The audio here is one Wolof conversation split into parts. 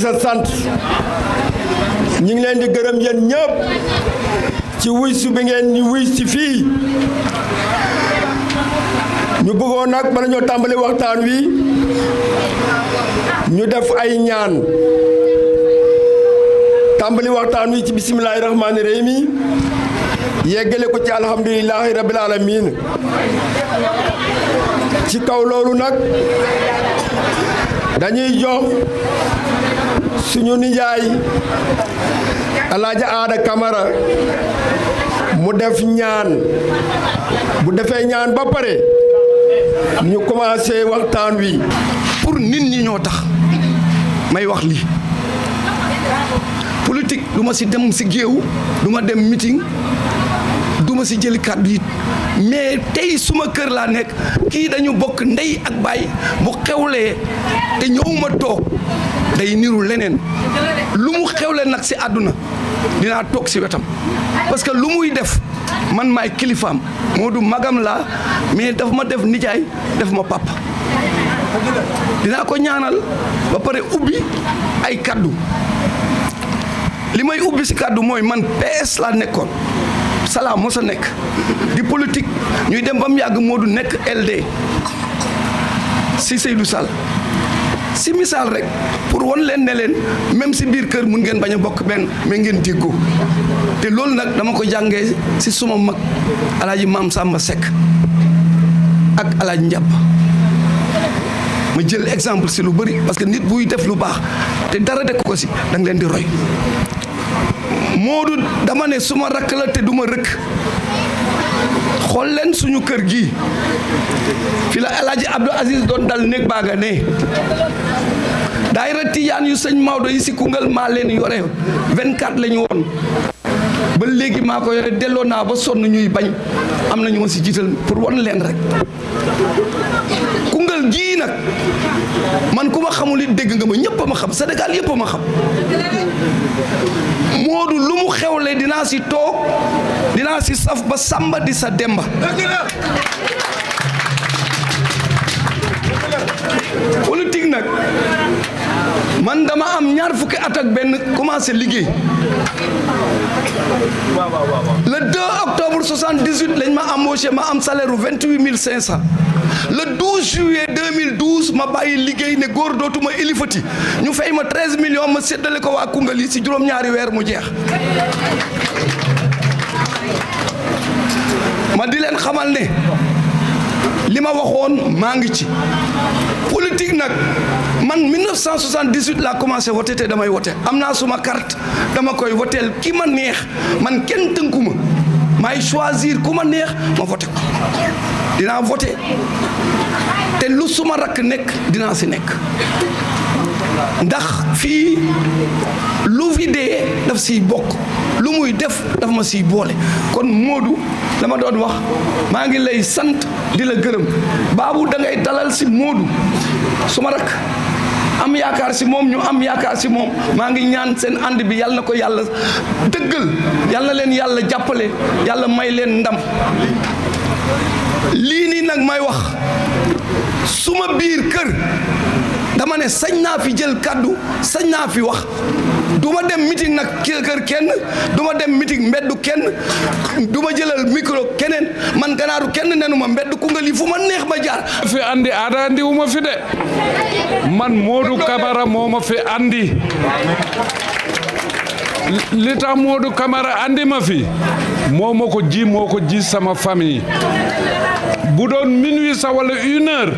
ci sa sant ñu ngi leen di gërëm yéen ñëpp ci wuy si bi ngeen ñu wuy si fii ñu bëggoon nag bala ñoo tàmbali waxtaan wi ñu def ay ñaan tàmbali waxtaan wi ci bisimilahi rahmaani rahim yi yeggale ko ci alhamdulilahi rabil alamin ci kaw loolu nag dañuy jox suñu nijaay alaaja aada kamara mu def ñaan bu defee ñaan ba pare ñu commencé waxtaan wi pour nit ñi ñoo tax may wax li politique duma ci dem ci géew duma dem mitin duma ci si jëli mais tey suma kër laa nekk kii dañu bokk ndey ak baay bu xewlee te ñëwuma toog day niru leneen lu mu xewle nag si àdduna dinaa toog si wetam parce que lu def man maay kilifaam moo magam laa mais daf ma def nijaay def ma papa dinaa ko ñaanal ba pare ubbi ay kaddu li may ubbi kaddu mooy man PS la nekkoon salam mosa nek, di politique ñuy dem ba mu yàgg moo LD si Seydou Sall si misaal rek pour won leen ne leen même si biir kër mun ngeen bañ a bokk benn ngeen déggu te loolu dama ko jàngee si suma mak, alaaji maam sàmba sek, ak alaaji njàpp ma jël exemple si lu bëri parce que nit buy def lu baax te dara dekk ko si da nga di roy moodu dama ne suma rakk la te duma rëkk xool leen suñu kër gi fi la El Hadj Abdou doon dal néeg baa nga daay daayira tijaan yu sëñ Maodo yi si Koungheul maa leen yore 24 la ñu woon ba léegi maa ko yore delloo naa ba sonn ñuy bañ am na ñu ma si jiital pour won leen rek Koungheul gii nag man ku xamul it dégg nga ma ñëpp ma xam senegal yëpp ma xam Moodu lu mu xewle dinaa si toog. dinaa ci saf ba sàmba di sa demba politique nag man dama am ñaar fukki at ak benn commencé liggéey le 2 octobre 78 lañ ma am embauché ma am salaire u 28 500 le 12 juillet 2012 ma bàyyi liggéey ne góor dootuma ilifati ñu fay ma 13 millions ma séddale ko waa Koungheul yi si juróom-ñaari weer mu jeex ma di leen xamal ne li ma waxoon maa ngi ci politique nag man 1978 laa commencé voté damay voté am naa suma carte dama koy voteel ki ma neex man kenn tënkuma may choisir ku ma neex ma voté ko dinaa voté te lu suma rakk nekk dinaa si nekk ndax fii lu fi dee daf siy bokk lu muy def daf ma siy boole kon Modou la ma doon wax maa ngi lay sant di la gërëm baabu da ngay dalal si Modou su ma rak am yaakaar si moom ñu am yaakaar si moom maa ngi ñaan seen ànd bi yàlla na ko yàlla dëggal yàlla na leen yàlla jàppale yàlla may leen ndam lii nii nag may wax suma biir kër ne sañ naa fi jël kaddu sañ naa fi wax duma dem meeting nag kër kenn duma dem meeting mbeddu kenn duma ma jëlal micro keneen man ganaaru kenn nenu ma mbedd Koungheul yi fu ma neex ma jaar fi andi aada andi wu ma fi de man Modou Kabara moo ma fi andi li tax Modou Camara andi ma fi moo ma ko ji moo ko ji sama famille bu doon minuit sa wala une heure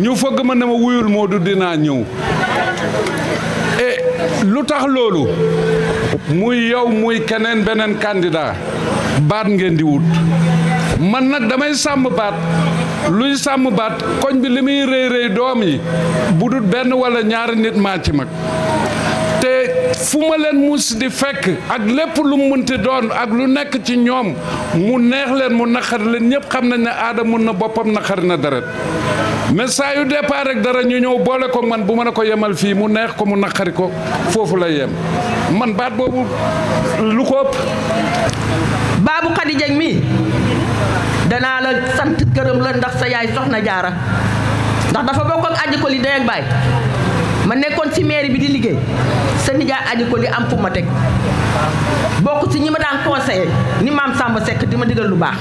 ñu fëgg ma ne ma wuyul Modou dinaa ñëw e lu tax loolu muy yow muy keneen beneen candidat baat ngeen di wut man nag damay sàmm baat luy sàmm baat koñ bi li muy rëy rëy doom yi budut benn wala ñaari nit maa ci mag fu ma leen mus di fekk ak lépp lu mu munti doon ak lu nekk ci ñoom mu neex leen mu naqar leen ñëpp xam nañ ne aada mun na boppam naqar na deret mais saa yu départ dara ñu ñëw boole ko man bu ma ne ko yemal fii mu neex ko mu naqari ko foofu la yem man baat boobu lu ko ëpp baabu Khady Dieng mi danaa la sant gërëm la ndax sa yaay soxna jaara ndax dafa bokk ak ko li dee baay ma nekkoon ci mairie bi di liggéey seen nijaay aji ko li am fu ma teg bokk ci ñi daan ni mam Samba Seck di ma digal lu baax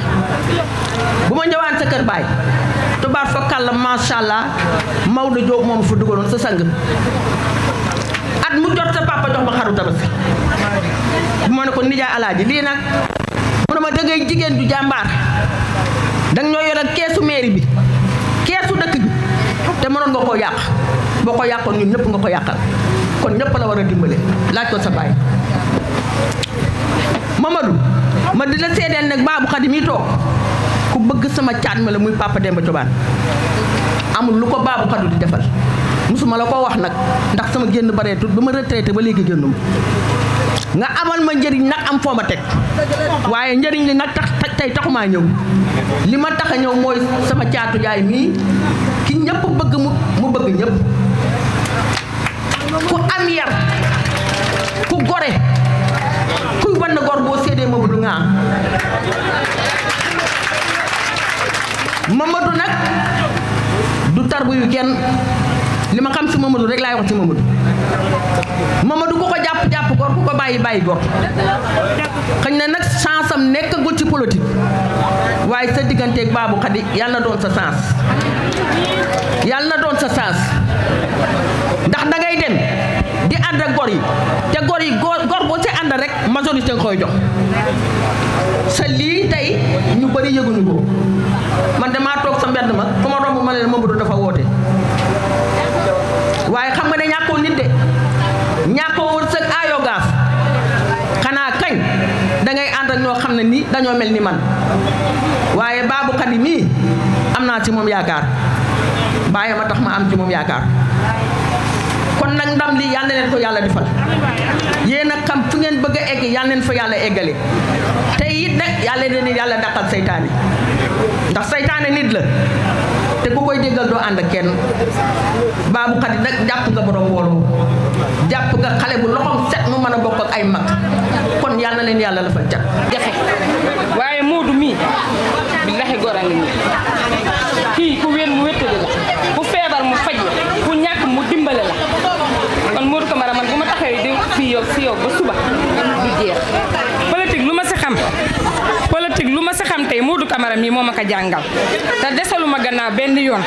bu ma ñëwaan sa kër baay tubaar fokkal la macha allah Maodo Diop moom fa dugaloon sa sang at mu jot sa papa jox ma xaru tabaski bu ma ne ko nijaay alaaji lii nag mu ma du jàmbaar danga ñoo yoral keesu mairie bi keesu dëkk bi te nga boo ko yàqoon ñun ñëpp nga ko yàqal kon ñëpp la war a dimbale laaj ko sa bàyyi mamadou ma di la seedeel nag baabu xadi ku bëgg sama caat ma la muy papa demba cobaan amul lu ko baabu di defal musuma la ko wax nak, ndax sama génn bareetul ba ma retraité ba léegi nga amal ma njëriñ nag am foo ma teg waaye li nag tax tey taxumaa ñëw sama caatu yaay mii ki ñëpp bëgg mu bëgg ku am yar ku gore kuy wan na gor boo séedee ma du ŋaa Mamadou nag du tarbu yu kenn li ma xam ci Mamadou rek laay wax ci Mamadou Mamadou ku ko jàpp jàpp gor ku ko bàyyi bàyyi gor xëy na nag chance am nekkagul ci politique waaye sa digganteeg Babou Khady yàlla na doon sa chance yàlla na doon sa chance ndax dangay dem ànd ak gor yi te gor yi gor gor boo ci ànd rek majorité nga koy jox sa lii tey ñu bari yëguñu ko man damaa toog sa mbedd ma fu ma romb ma leen Mamadou dafa woote waaye xam nga ne ñàkkoo nit de ñàkkoo wërsëg aayoo gaaf xanaa kañ dangay ànd noo xam ne nii dañoo mel ni man waaye Babou Khady mii am naa ci moom yaakaar bàyyi ma tax ma am ci moom yaakaar kon nag ndam li yàlla leen ko yàlla defal yéen a xam fu ngeen bëgg a egg yàlla leen fa yàlla eggale te it nag yàlla leen yàlla dàqal seytaane ndax seytaane nit la te ku koy déggal doo ànd ak kenn baabu xarit nag jàpp nga boroom wooloo jàpp nga xale bu loxoom set mu mën a bokk ay mag kon yàlla leen yàlla la fa jat jafe waaye Moodu mii billahi góor a ngi nii tey du Camara mii moo ma ko jàngal te desaluma gannaaw benn yoon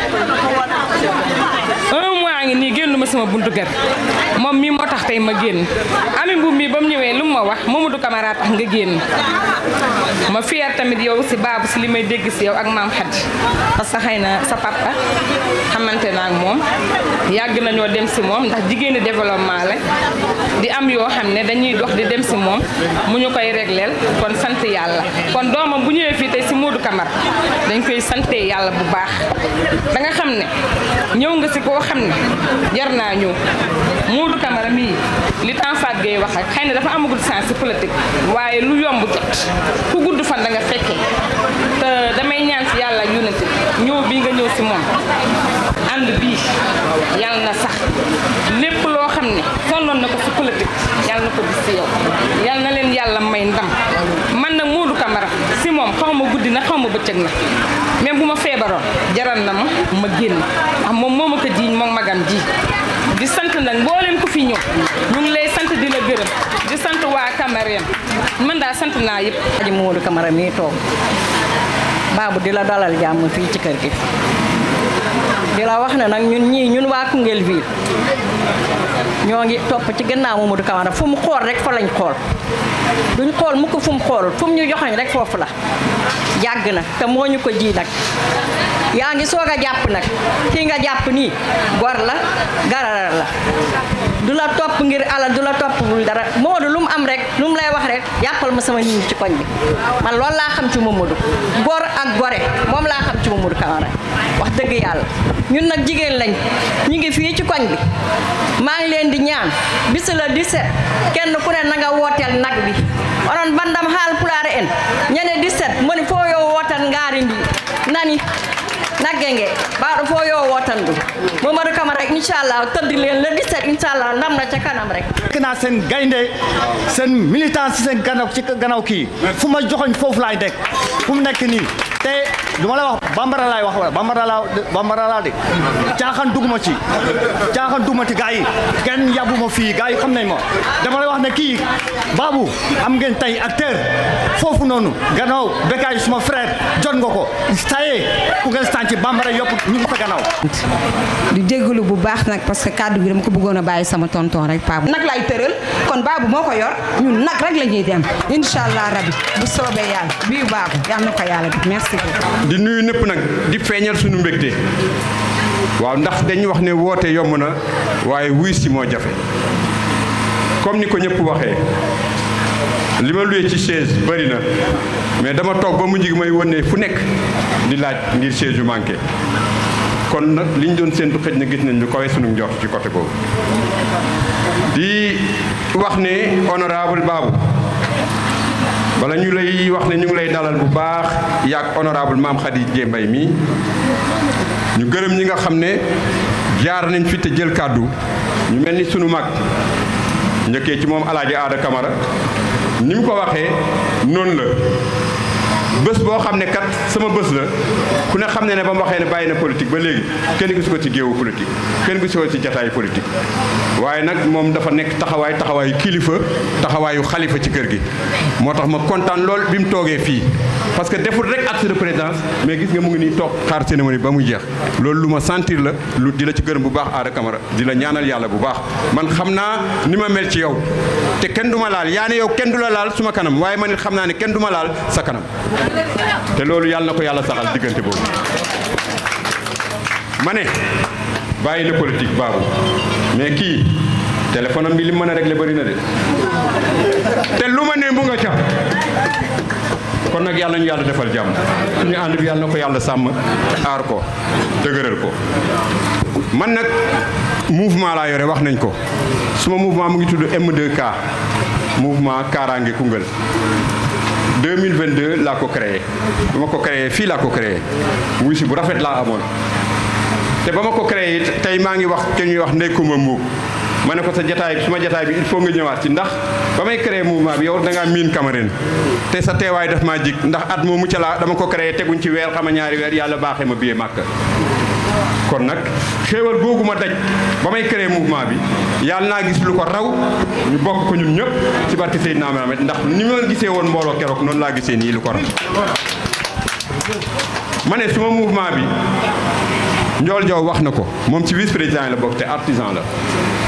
un mois ngi nii génn ma sama buntu kër moom mii moo tax tey ma génn ami mbubb mii ba mu ñëwee lu ma wax du Camara tax nga génn ma fier tamit yow si baabu si li may dégg si yow ak maam Xadi parce que xëy na sa papa xamante naa ak moom yàgg nañoo dem si moom ndax jigéeni développement la di am yoo xam ne dañuy dox di dem si moom mu ñu koy régleel kon sant yàlla kon doomam bu ñëwee fii tey si Modou Camara dañ koy sante yàlla bu baax da xam ne ñëw nga ci koo xam ne jar naa ñëw Modou Camara mii li Tanfat Gueye wax ak xëy na dafa amagul sens si politique waaye lu yomb jot ku gudd fan da nga fekke te damay ñaan si yàlla yónnate ñëw bii nga ñëw si moom ànd bii yàlla na sax waxoon na ko si politique yàlla na si yow yàlla na leen yàlla may ndam man nag Modou Camara si moom xaw ma guddi na xaw ma bëccëg na même bu ma feebaroon jaral na ma ma génn ndax ah, moom moo ma ko jiiñ moom magam ji di sant nag mbooleem ku fi ñëw ñu ngi lay sant di la gërëm di sant waa Cameroun mën daa sant naa yëpp aji Modou Camara mii toog bu di la dalal jàmm fii ci kër gi di la wax ne nag ñun ñii ñun waa Koungheul ville ñoo ngi topp ci gannaaw Mamadou Camara fu mu xool rek fa lañ xool duñ xool mu ko fu mu xoolul fu mu ñu joxañ rek foofu la yàgg na te moo ñu ko ji nag yaa ngi soog a jàpp nag kii nga jàpp nii gor la garara la la topp ngir alal du la toppul dara Modou lu mu am rek lu mu lay wax rek yàppal ma sama nit ci koñ bi man loolu laa xam ci Mamadou góor ak gore moom laa xam ci Mamadou Camara wax dëgg yàlla ñun nag jigéen lañ ñu ngi fii ci koñ bi maa ngi leen di ñaan bis la 17 kenn ku ne na nga nag bi onon bandam haal pulaar en ñane 17 moni fo yo wootal ngaari ndi nani yagge nge mbaɗo fof yo wotan ɗum mamadou camara inchallah toddi len le 17 inchallah ndamna ca kanam rek naa seen gaynde seen militance sen ganaw ci ganaw kii fu ma joxoñ foofu laay nekk fu mu nekk nii te du ma la wax bambara laay wax bambara laa bambara laa de caaxaan duguma ci caaxaan duguma ci gars yi kenn yàbbuma fii gars yi xam nañ ma dama lay wax ne kii baabu am ngeen tey acteur foofu noonu gannaaw Bécaye suma frère jot nga ko waaye Koungheul Santhie bambara yopp ñu ngi sa gannaaw di jégalu bu baax nag parce que kàddu bi dama ko bëggoon a bàyyi sama tonton rek Pape nag laay tëral kon baabu moo ko yor ñun nag rek la ñuy dem incha allah rabi bu soobee yàlla bii baabu yal na ko yàlla bi merci di nuyu ñëpp nag di feeñal suñu mbégte waaw ndax dañu wax ne woote yomb na waaye wuy si moo jafe comme ni ko ñëpp waxee li ma luye ci chaise bari na mais dama toog ba mu jig may wane fu nekk di laaj ngir siège yu kon nag li ñu doon séntu xëj na gis nañ lu kawe sunu njort ci côté boobu di wax ne honorable Babou bala ñu lay wax ne ñu ngi lay dalal bu baax yaak honorable maam Khady Dieng Mbaye mi ñu gërëm ñi nga xam ne jaar nañ fi te jël kàddu ñu mel ni sunu mag njëkkee ci moom alaaji aada kamara ni mu ko waxee noonu la bés boo xam ne kat sama bés la ku ne xam ne ne ba mu waxee ne bàyyi na politique ba léegi kenn gisu ko ci géewu politique kenn gisu ko ci jataayu politique waaye nag moom dafa nekk taxawaay taxawaayu kilifa taxawaayu xalifa ci kër gi moo tax ma kontaan lool bi mu toogee fii parce que deful rek acte de présence mais gis nga mu ngi nii toog xaar cérémonie ba mu jeex loolu lu ma sentir la lu dina ci gërëm bu baax Aada Camara di la ñaanal yàlla bu baax man xam naa ni ma mel ci yow te kenn du ma laal yaa yow kenn du la laal suma kanam waaye man xam naa ne kenn du ma laal sa kanam te loolu yàlla na ko yàlla saxal diggante boobu ma ne bàyyi la politique baabu mais kii téléphone am bi li mën a régler bëri na de te lu ma ne mu ca kon nag yàlla ñu yàlla defal jàmm suñu ànd bi yàlla na ko yàlla sàmm aar ko dëgëral ko man nag mouvement laa yore wax nañ ko suma mouvement mu ngi tudd M2K mouvement kaaraange Koungheul 2022 laa ko créé ba ma ko créé fii laa ko créé wuy si bu rafet laa amoon te ba ma ko créé it tey maa ngi wax te ñuy wax nekkuma mbuub ma ne ko sa jataay ma jataay bi il faut nga ñëwaat ci ndax ba may créé mouvement bi yow da ngaa miin Cameroun te sa teewaay dafa maa jig ndax at moo ca laa dama ko créé teguñ ci weer xama ñaari weer yàlla baaxee ma biyee màkk kon nag xéewal googu ma daj ba may créer mouvement bi yàlla naa gis lu ko raw ñu bokk ko ñun ñëpp ci barke Seydina Mohamed ndax ni ma gisee woon mbooloo keroog noonu laa gisee nii lu ko raw ma ne suma mouvement bi Ndiol joow wax na ko moom ci vice président la bokk te artisan la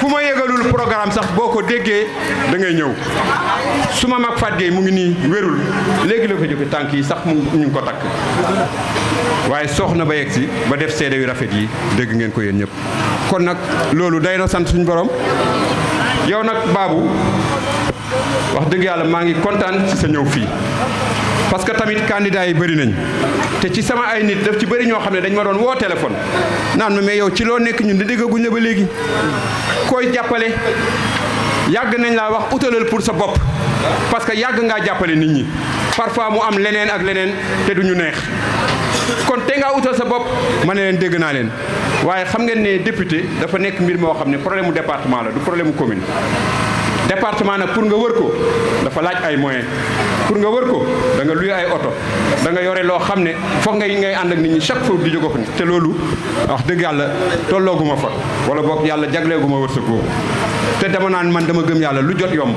ku ma yëgalul programme sax boo ko déggee da ngay ñëw su ma mag Fatou mu ngi nii wérul léegi la ko jóge tànk yi sax mu ñu ngi ko takk waaye soox na ba yegg si ba def seede yu rafet yi dégg ngeen ko yéen ñëpp kon nag loolu day na sant suñu boroom yow nag baabu wax dëgg yàlla maa ngi kontaan ci sa ñëw fii parce que tamit candidat yi bëri nañ te ci sama ay nit daf ci bëri ñoo xam ne dañ ma doon woo téléphone naan ma mais yow ci loo nekk ñun di déggaguñ la ba léegi koy jàppale yàgg nañ laa wax utalal pour sa bopp parce que yàgg ngaa jàppale nit ñi parfois mu am leneen ak leneen te duñu neex kon te ngaa utal sa bopp ma ne leen dégg naa leen waaye xam ngeen ne député dafa nekk mbir moo xam ne problème mu département la du problème mu commune département nag pour nga wër ko dafa laaj ay moyen pour nga wër ko da nga luy ay oto da yore loo xam ne foog nga yi ngay ànd ak nit ñi chaque fois di jóge fa te loolu wax dëgg yàlla tollooguma fa wala boog yàlla jagleeguma sa boobu te dama naan man dama gëm yàlla lu jot yomb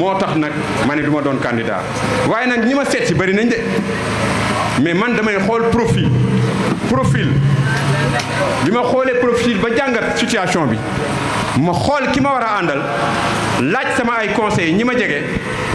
moo tax nag ma ne du doon candidat waaye nag ñi ma seet si bari nañ de mais man damay xool profil profil bi ma xoolee profil ba jàngat situation bi ma xool ki ma war a àndal laaj sama ay conseils ñi ma jege.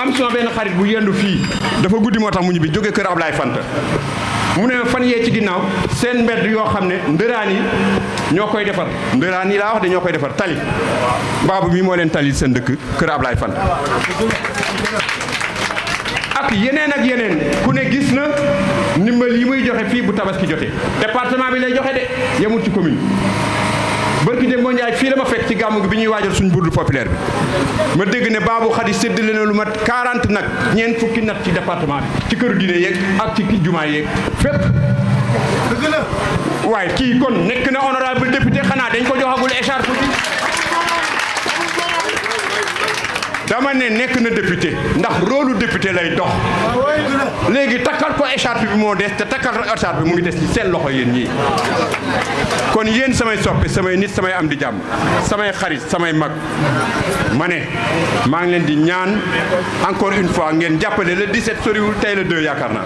am suma benn xarit bu yendu fii dafa guddi moo tax mu ñibbi jóge kër Ablaye Fanta mu ne fan yee ci ginnaaw seen mbedd yoo xam ne ndëraan yi ñoo koy defar ndëraan yi laa wax de ñoo koy defar tali baabu mi moo leen tali seen dëkk kër Ablaye Fanta ak yeneen ak yeneen ku ne gis na ndimbal yi muy joxe fii bu tabaski jote département bi lay joxe de yemul ci commune bërki dem moo Njaay fii la ma fekk ci gàmmu gi bi ñuy waajal suñ burdu populaire bi ma dégg ne Babou Khady séddale na lu mat 40 nag ñeent fukki nag ci département bi ci këru diine yeeg ak ci jumaa yeeg fépp dëgg waaye kii kon nekk na honorable député xanaa dañ ko joxagul écharpe bi dama ne nekk na député ndax rôle député lay dox légui takal ko écharpe bi mo dess te takal écharpe bi mu ngi dess ci sen loxo yeen ñii kon yeen samay soppe samay nit samay am di jam samay xarit samay mag mané ma ngi len di ñaan encore une fois ngeen jappalé le 17 soriwul tay le 2 yakarna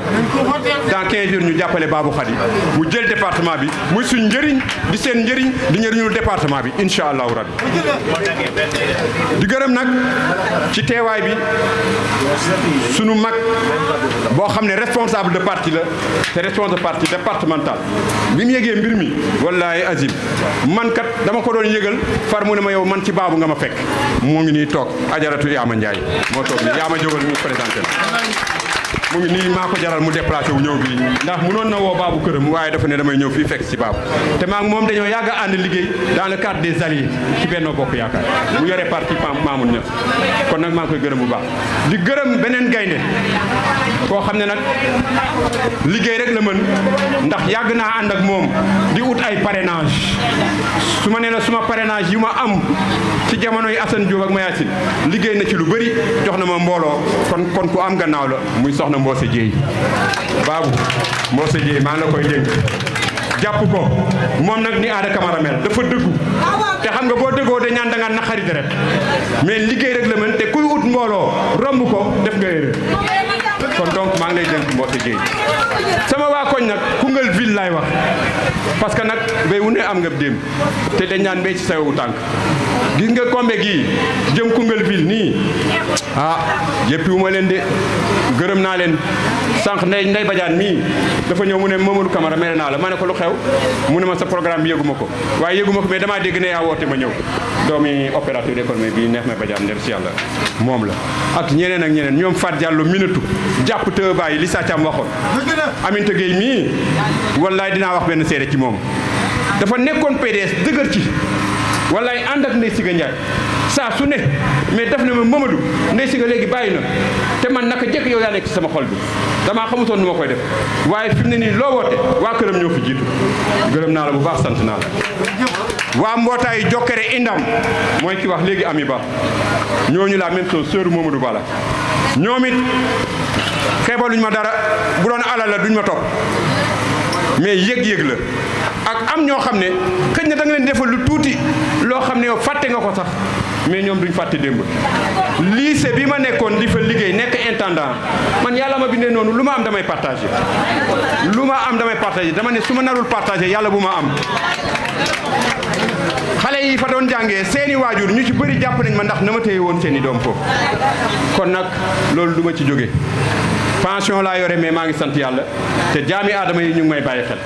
dans 15 jours ñu jappalé babu Khady mu jël département bi muy suñu njëriñ di sen njëriñ di njëriñul département bi inshallah allahu rabbi di gërëm nak ci teewaay bi sunu mag boo xam ne responsable de parti la te responsable de parti départemental bi mu yëgee mbir mi wallaay azim man kat dama ko doon yëgal far mu ne ma yow man ci baabu nga ma fekk moo ngi nii toog ajaratu Yaama Ndiaye moo toog nii Yaama jógal ñu présenté la mu ngi nii maa ko jaral mu déplacé wu ñëw bii ndax mënoon na woo baabu këram waaye dafa ne damay ñëw fii fekk si baabu te maa moom dañoo yàgg a ànd liggéey dans le cadre des alliés ci Benno Yaakaar mu yore parti Mamour Niass kon nag maa ngi koy gërëm bu baax di gërëm beneen gaynde koo xam ne nag liggéey rek la mën ndax yàgg naa ànd ak moom di ut ay parrainage su ma nee la suma parrainage yu ma am ci jamono yi Assane Diouf ak Mayacine liggéey na ci lu bari jox na ma mbooloo kon kon ku am gannaaw la muy soxna Mboose Dieye baabu Mboose Dieye maa ngi la koy dénk jàpp ko moom nag ni aada Camara mel dafa dëggu te xam nga boo dëggoo da ñaan da nga naqari deret mais liggéey rek la mën te kuy ut mbooloo romb ko def nga donc maa ngi lay dénk Mbossé Dieye sama waa koñ nag Koungheul ville laay wax parce que nag mbéy wu ne am nga démb te dañ naan mbéy ci sawewu tànk gis nga kombe gi jëm Koungheul ville nii ah yëpp wu ma leen de gërëm naa leen sanq ndey ndey bajaan mii dafa ñëw mu ne Mamadou Camara mere naa la ma ne ko lu xew mu ne ma sa programme bi ko waaye yëguma ko mais damaa dégg ne yaa woote ma ñëw doomi opérateur économique bi neex may bajaan ndem si yàlla moom la ak ñeneen ak ñeneen ñoom Fat Diallo minatu jàpp te bàyyi li Sathiam waxoon Aminata Gueye mii wallaay dinaa wax benn seede ci moom dafa nekkoon PDS dëgër ci wallaay ànd ak Ndeye Siga Ndiaye saa su ne mais def na ma Mamadou Ndeye Siga léegi bàyyi na te man naka jekk yow yaa nekk ci sama xol bi damaa xamutoon nu ma koy def waaye fi mu ne nii loo woote waa këram ñoo fi jiitu gërëm naa la bu baax sant naa la. waa mbootaayu jokkere indam mooy ki wax léegi Ami Ba ñooñu laa même chose sœur Mamadou Bala ñoom it xeebaluñ ma dara bu doon alal la duñ ma topp mais yëg-yëg la. ak am ñoo xam ne xëy na da nga leen defal lu tuuti loo xam ne yow fàtte nga ko sax mais ñoom duñ fàtte démb lycée bi ma nekkoon di fa liggéey nekk intendant man yàlla ma bindee noonu lu ma am damay partage lu ma am damay partagé dama ne su ma narul partage yàlla bu ma am xale yi fa doon jàngee seeni waajur ñu ci bëri jàpp nañ ma ndax na ma téye woon seeni doom foofu kon nag loolu du ma ci jóge pension laa yore mais maa ngi sant yàlla te jaami aadama yi ñu may bàyyi xel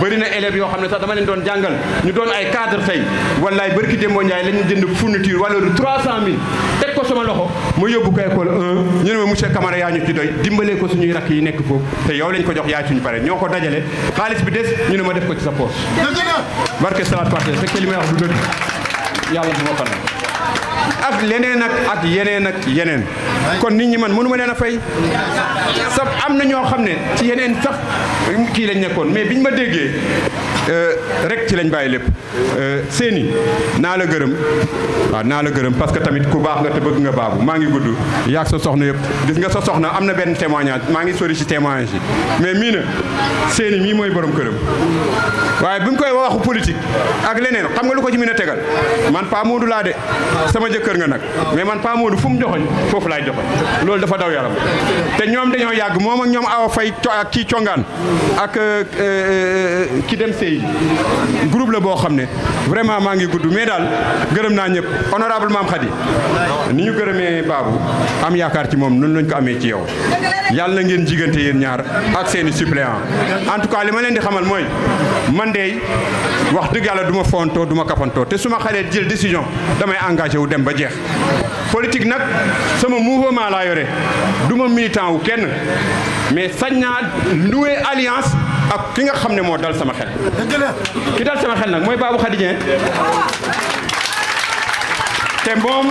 bëri na élèves yoo xam ne sax dama leen doon jàngal ñu doon ay cadre tey wallaay barki Demba Ndiaye la ñu jënd fourniture valeur de 300000 teg ko sama loxo ma yóbbu ko école 1 ñu ne ma monsieur Camara yaa ñu ci doy dimbalee ko suñuy rakk yi nekk foofu te yow lañ ko jox yaay suñu pare ñoo ko dajale xaalis bi des ñu ne ma def ko ci sa poche. barke salaat parce que li may wax du dëgg yàlla bu ma ak leneen ak ak yeneen ak yeneen kon nit ñi man mënuma ma leen a fay sax am na ñoo xam ne ci yeneen sax kii lañ nekkoon mais biñ ma déggee Euh, rek ci lañ bàyyi lépp euh, seeni naa la gërëm waaw naa la gërëm parce que tamit ku baax nga te bëgg nga baabu maa ngi gudd yaag sa soxna yëpp gis nga sa soxna am na benn témoignage maa ngi sori ci témoignage yi mais mii na seeni mii mooy boroom këram waaye bu ñu koy waxu politique ak leneen xam nga lu ko ci mën a tegal man Pa Modou laa de sama jëkkër nga nag mais man Pa Modou fu mu joxoñ foofu laay joxoñ loolu dafa daw yaram te ñoom dañoo yàgg moom ak ñoom awa fay kii congaan ak euh, ki groupe la boo xam ne vraiment maa ngi gudd mais daal gërëm naa ñëpp honorable maam Khady ni ñu gërëmee Babou am yaakaar ci moom noonu lañ ko amee ci yow yàlla na ngeen jigante yéen ñaar ak seeni suppléant en tout cas li ma leen di xamal mooy man de wax dëgg yàlla du fontoo duma ma te su ma xalee jël décision damay engagé wu dem ba jeex politique nag sama mouvement laa yore du ma militant wu kenn mais sañ naa nouer alliance ak ki nga xam ne moo dal sama xel ki dal sama xel nag mooy Babou Khady Dieng te moom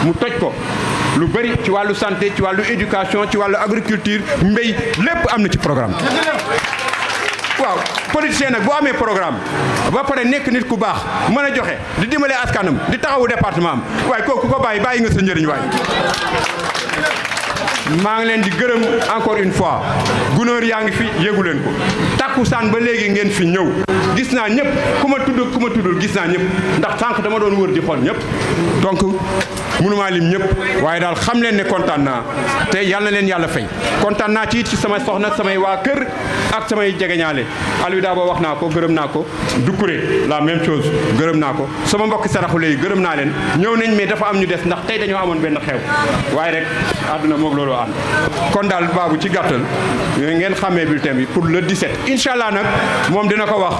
mu toj ko lu santé ci walu éducation ci walu agriculture mbey lepp amna programme politicien programme ba paré nek nit ku bax joxé di askanam di département maa ngi leen di gërëm encore une fois gunóor yaa ngi fi yëgu leen ko takkusaan ba léegi ngeen fi ñëw gis naa ñëpp ku ma tudd ku ma tuddul gis naa ñëpp ndax sànq dama doon wër di xool ñëpp donc mënumaa lim ñëpp waaye daal xam leen ne kontaan naa te yal na leen yàlla fay kontaan naa ci ci sama soxna samay waa kër ak samay jegeñaale Aliou Dabo wax naa ko gërëm naa ko Doucouré la même chose gërëm naa ko sama mbokk saraxule yi gërëm naa leen ñëw nañ mais dafa am ñu des ndax tey dañoo amoon benn xew waaye rek àdduna moog loolu ànd kon daal baabu ci gàttal ngeen xàmmee bulletin bi pour le 17 incha allah nag moom dina ko wax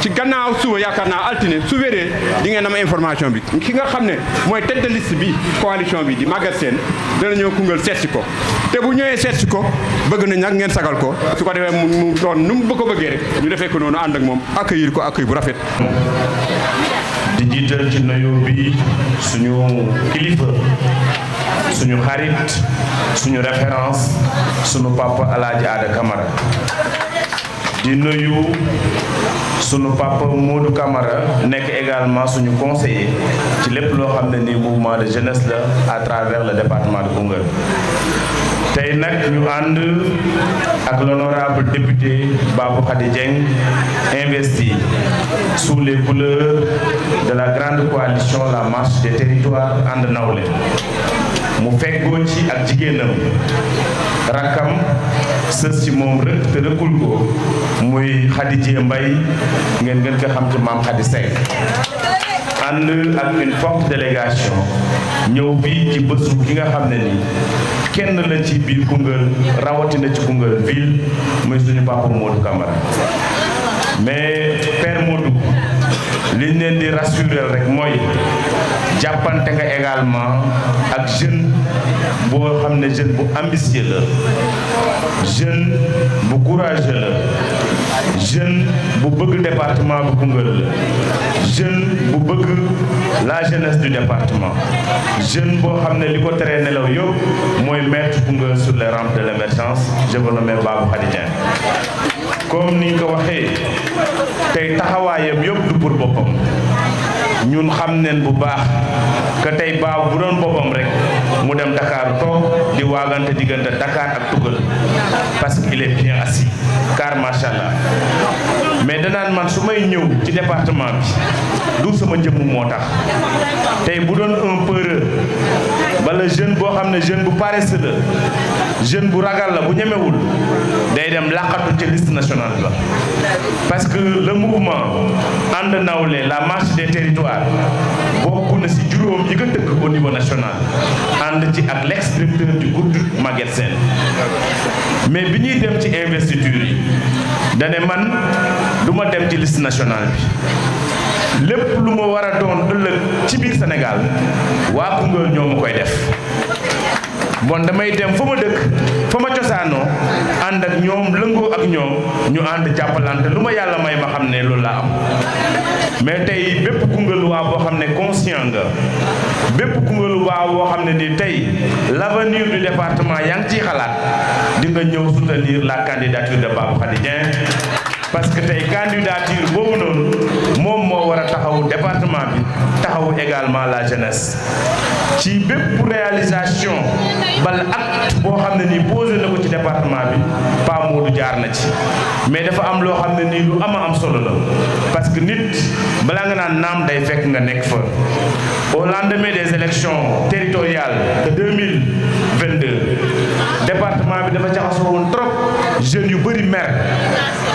ci gannaaw suba yaakaar naa altine su wéree di ngeen am information bi ki nga xam ne mooy tête de liste bi coalition bi di Maguette Sène dana ñëw Koungheul seet ko te bu ñëwee seet ko bëgg nañ nag ngeen sagal ko su ko defee mu doon nu mu ko bëggee rek ñu defee ko noonu ànd ak moom accueillir ko accueil bu rafet di jiital ci nuyoo bi suñu kilifa suñu xarit suñu référence suñu papa alaaji aada Camara di nuyu suñu papa Modou Camara nekk également suñu conseiller ci lépp loo xam ne ni mouvement de jeunesse la à travers le département de Koungheul tey nous ñu l'honorable député Babou Khadijeng, investi sous les couleurs de la grande coalition la marche des territoires and nawle mu feggoo ci ak ci ko ànd ak une forte délégation ñëw bii ci bésu ki nga xam ne ni kenn la ci biir Koungheul rawatina ci Koungheul ville muy suñu papa Modou Camara mais père Modou liñ leen di rassurer rek mooy jàppante nga également ak jeune bo xamné jeune bu ambitieux la jeune bu courageux la jeune bu bëgg département bu Koungheul la jeune bu bëgg la jeunesse du département jeune bo xamné liko li law teree moy yëpp mooy sur les rampes de l'émergence je vous le mets babu Dieng comme ni nga waxé tay taxawayam taxawaayam du pour bopam ñun xam neen bu baax que tey baaw bu doon boppam rek mu dem Dakar toog di waagante diggante Dakar ak Tugal parce que il est bien assis car macha allah mais da danaan man su may ñëw ci département bi du sama jëmm moo tax tey bu doon un wala jeune bo ne bu paresseux la bu ragal la bu ñemewul day dem ci liste nationale parce que le mouvement la marche des territoires na au niveau national and ci du mais vous dem ci investiture yi man liste nationale lépp lu ma war a doon ëllëg ci biir senegal waa Koungheul ñoo ma koy def bon damay dem fa ma dëkk fa ma cosaanoo ànd ak ñoom lëngoo ak ñoom ñu ànd jàppalante lu ma yàlla may ma xam ne loolu laa am mais tey bépp Koungheul waa boo xam ne conscient nga bépp Koungheul waa boo xam ne nii tey l'avenir du département yaa ngi ciy xalaat di ñëw soutenir la candidature de Babou Khady Dieng parce que tay candidature boobu non mom mo wara taxaw département bi taxaw également la jeunesse ci pour réalisation bal acte bo xamné ni nii posé ci département bi Pa Modou jaar na ci mais dafa am lo xamné ni lu ama am solo la parce que nit bala nga nan nam day fekk nga fa au lendemain des élections territoriales de 2022 département bi dafa jaxasoo won trop jeunes yu maire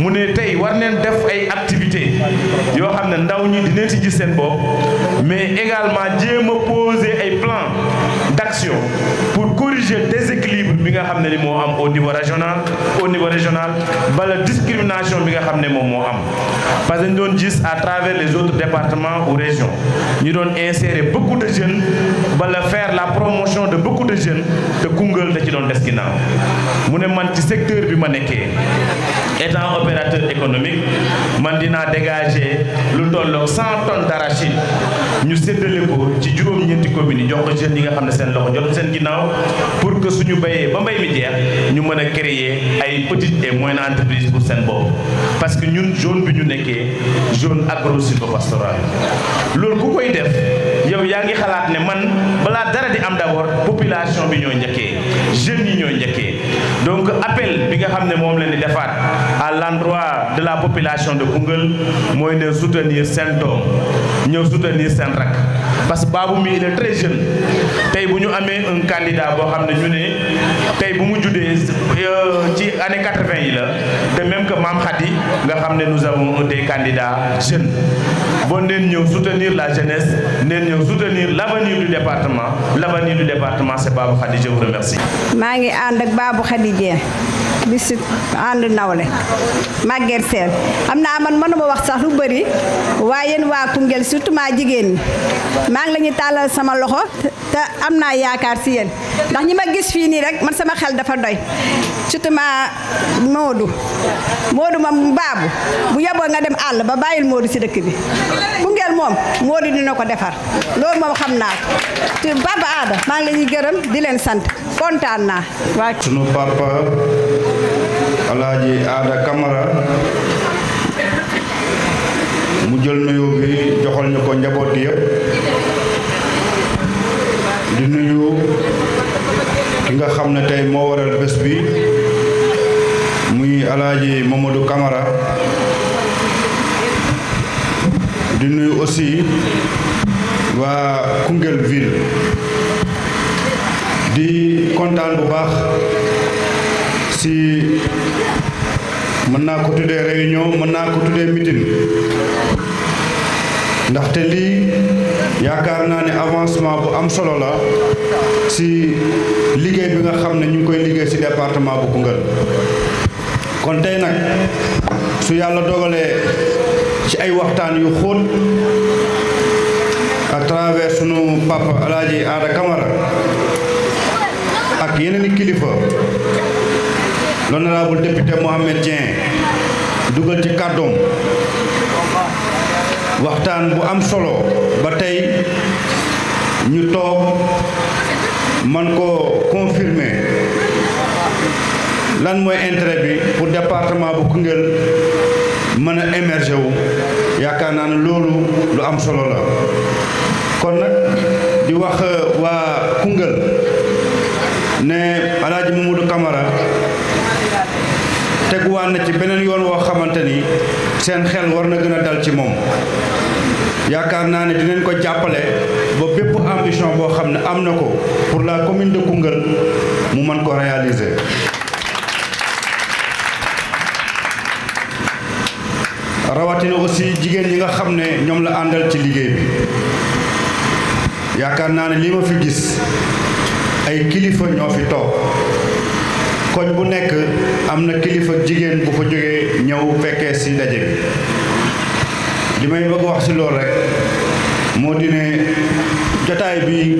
mu ne tey war neen def ay activité yoo xam ne ndaw ñu dinañ ci gis seen bopp mais également jéem a poser pour corriger le déséquilibre au niveau régional au niveau régional bala discrimination bi nga parce que à travers les autres départements ou régions Nous avons inséré beaucoup de jeunes bala faire la promotion de beaucoup de jeunes de Koungheul de ci doon des ginnaaw mu secteur du ma étant opérateur économique man avons dégager lu 100 tonnes d'arachide ñu séddale ko ci juróom-ñeenti communes yi jox ko jeunes yi nga xam ne seen loxo jot seen ginnaaw pour que suñu bayee ba may mi jeex ñu mën a créer ay petites et na entreprises pour seen bopp parce que ñun zone bi ñu nekkee zone agro sylvopastorale loolu ku koy def yow yaa ngi xalaat ne man balaa dara di am d'abord population bi ñoo njëkkee jeunes pas donc appel à l'endroit de la population de Koungheul pour soutenir Saint-Dom, de soutenir Saint-Rac parce que Baboumi, il est très jeune Tay buñu amé un candidat qui xamné ñu né tay bu mu juddee euh, ci année quatre yi la te même que Mam Khadi, nga nous avons des candidats jeunes bon neen soutenir la jeunesse nous ñeu soutenir l'avenir du département l'avenir du département c'est Babou Khadi. je vous remercie. Ma ngi and ak Babou bisit ànd nawle Maguette Sène xam naa man mënuma wax sax lu bëri waaye yéen waa Koungheul surtout maa jigéen ñi maa ngi lañuy ñuy tàllal sama loxo te am naa yaakaar si yéen ndax ñi ma gis fii nii rek man sama xel dafa doy surtout ma Moodu Moodu mu baabu bu yeboo nga dem àll ba bàyyil Moodu ci dëkk bi Koungheul moom Moodu dina ko defar loolu moom xam naa ko te Papa maa ngi la ñuy gërëm di leen sant kontaan naa. sunu papa. alaaji aada Camara mu jël nuyoo bi joxal ñu ko njaboot yëpp di nuyu ki nga xam ne tey moo waral bés bi muy alaaji di nuyu aussi waa ville di kontaan bu baax ci mën naa ko tuddee réunion mën naa ko tuddee meeting ndaxte lii yaakaar naa ne avancement bu am solo la si liggéey bi nga xam ne ñu ngi koy liggéey si département bu Koungheul kon tey nag su yàlla dogalee ci ay waxtaan yu xóot à travers sunu papa Alaaji Aada Kamara l'honorable député Mohamed Dieng dugal ci kàddoom waxtaan bu am solo ba tey ñu toog man ko confirmé lan mooy intérêt bi pour département bu Koungheul mën a émerger wu yaakaar naa ne loolu lu am solo la kon nag di wax euh, waa Koungheul ne Alaaji Mamadou Camara teguwaat na ci beneen yoon woo xamante ni seen xel war na gën a dal ci moom yaakaar naa ne dinañ ko jàppale ba bépp ambition boo xam ne am na ko pour la commune de Koungheul mu mën ko réaliser. rawatina aussi jigéen ñi nga xam ne ñoom la àndal ci liggéey bi yaakaar naa ne li ma fi gis ay kilifa ñoo fi toog. koñ bu nekk am na kilifa jigéen bu fa jógee ñëw fekkee si ndaje bi li may bëgg wax si loolu rek moo jotaay bi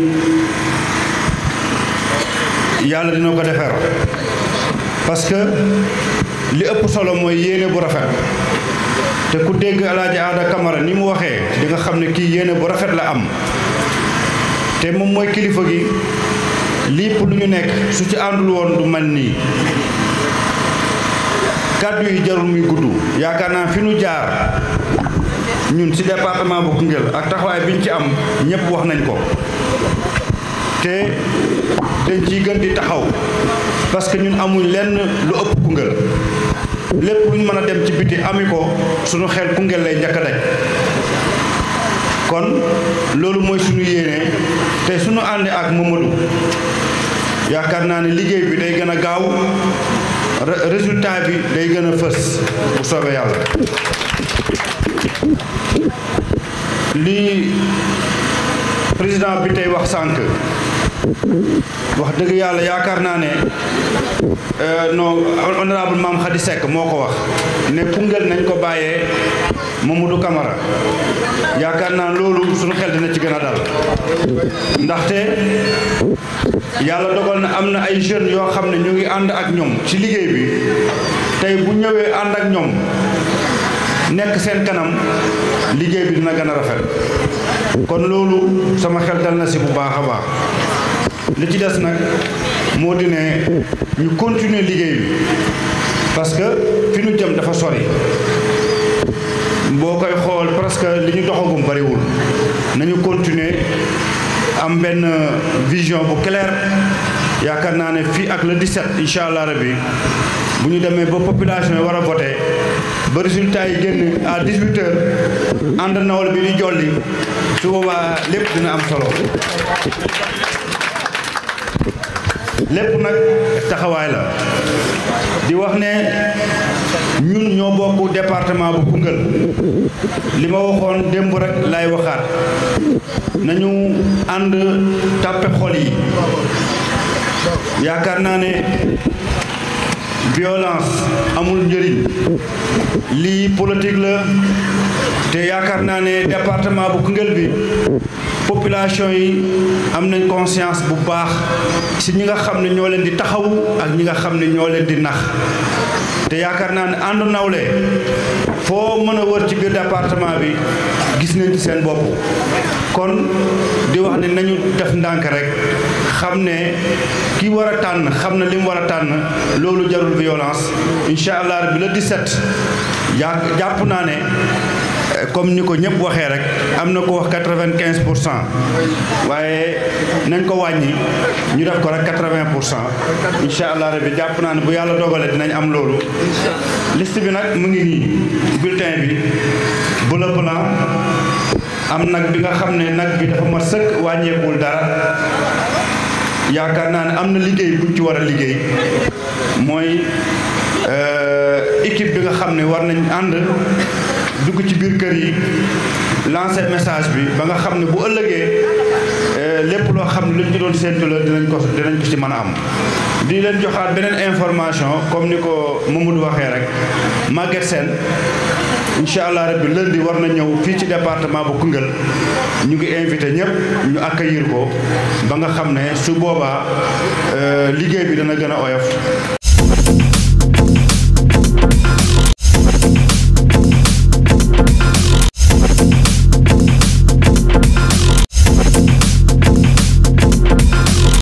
yàlla dina ko defar parce que li ëpp solo mooy yéene bu rafet te ku dégg alaaji aada kamara ni mu waxee di nga xam ne kii bu rafet la am te moom mooy kilifa gi lépp lu ñu nekk su ci àndul woon du mel nii kàddu yi jarul muy gudd yaakaar naa fi nu jaar ñun ci département bu Koungheul ak taxawaay bi ñu ci am ñépp wax nañ ko te dañ ciy gën di taxaw parce que ñun amuñ lenn lu ëpp Koungheul lépp lu ñu mën a dem ci biti ami ko suñu xel Koungheul lay njëkk daj kon loolu mooy suñu yéene te suñu àndee ak Mamadou yaakaar naa ne liggéey bi day gën a gaaw résultat bi day gën a fës bu soobee yàlla lii président bi tey wax sànq wax dëgg yàlla yaakaar naa ne euh, non honorable Mame Khady Seck moo ko wax ne Koungheul nañ ko bàyyee moom Mamadou kamara yaakaar naa loolu suñu xel dina ci gën a dal ndaxte yàlla dogal na am na ay jeunes yoo xam ne ñu ngi ànd ak ñoom ci liggéey bi tey bu ñëwee ànd ak ñoom nekk seen kanam liggéey bi dina gën a rafet kon loolu sama xel dal na si bu baax baax li ci des nag moo di ne ñu continuer liggéey bi parce que fi ñu jëm dafa sori. boo koy xool presque li ñu doxagum bariwul nañu continuer am benn vision bu claire yaakaar naa ne fii ak le 17 incha allah bi bu ñu demee ba population yi war a voté ba résultat yi génn à 18 heures ànd nawal bi di jolli su boobaa lépp dina am solo lépp nag taxawaay la di wax ne. ñun ñoo bokk département bu Koungheul li ma waxoon démb rek lay waxaat nañu ànd tàppe xol yi yaakaar naa ne violence amul njëriñ lii politique la te yaakaar naa ne département bu Koungheul bi population yi am nañ conscience bu baax si ñi nga xam ne ñoo leen di taxawu ak ñi nga xam ne ñoo leen di nax te yaakaar naa ne ànd nawle foo mën a war ci biir département bi gis nañ ci seen bopp kon di wax ne nañu def ndànk rek xam ne ki war a tànn xam na li mu war a tànn loolu jarul violence incha allah rabbi le 17 yaa jàpp naa ne comme ni ko ñëpp waxee rek am na ko wax quatre-vingt-quinze pour cent waaye nañ ko wàññi ñu def ko rek quatre-vingts pour cent incha allah rabbi jàpp naa ne bu yàlla dogalee dinañ am loolu list bi nag mu ngi nii bulletin bi bu la blanc am nag bi nga xam ne nag bi dafa ma sëkk wàññeekuwul dara yaakaar naa ne am na liggéey buñ ci war a liggéey mooy euh, équipe bi nga xam ne war nañ ànd dugg ci biir kër yi lancer message bi ba nga xam ne bu ëllëgee eh, lépp loo xam ne luñ ci doon séntu la dinañ ko dinañ ko ci mën a am. di leen joxaat beneen information comme ni ko Mamadou waxee rek Maguette seen incha allah rabbi lundi war na ñëw fii ci département bu Koungheul ñu ngi invité ñëpp ñu accueillir ko ba nga xam ne su boobaa eh, liggéey bi dana gën a oyof.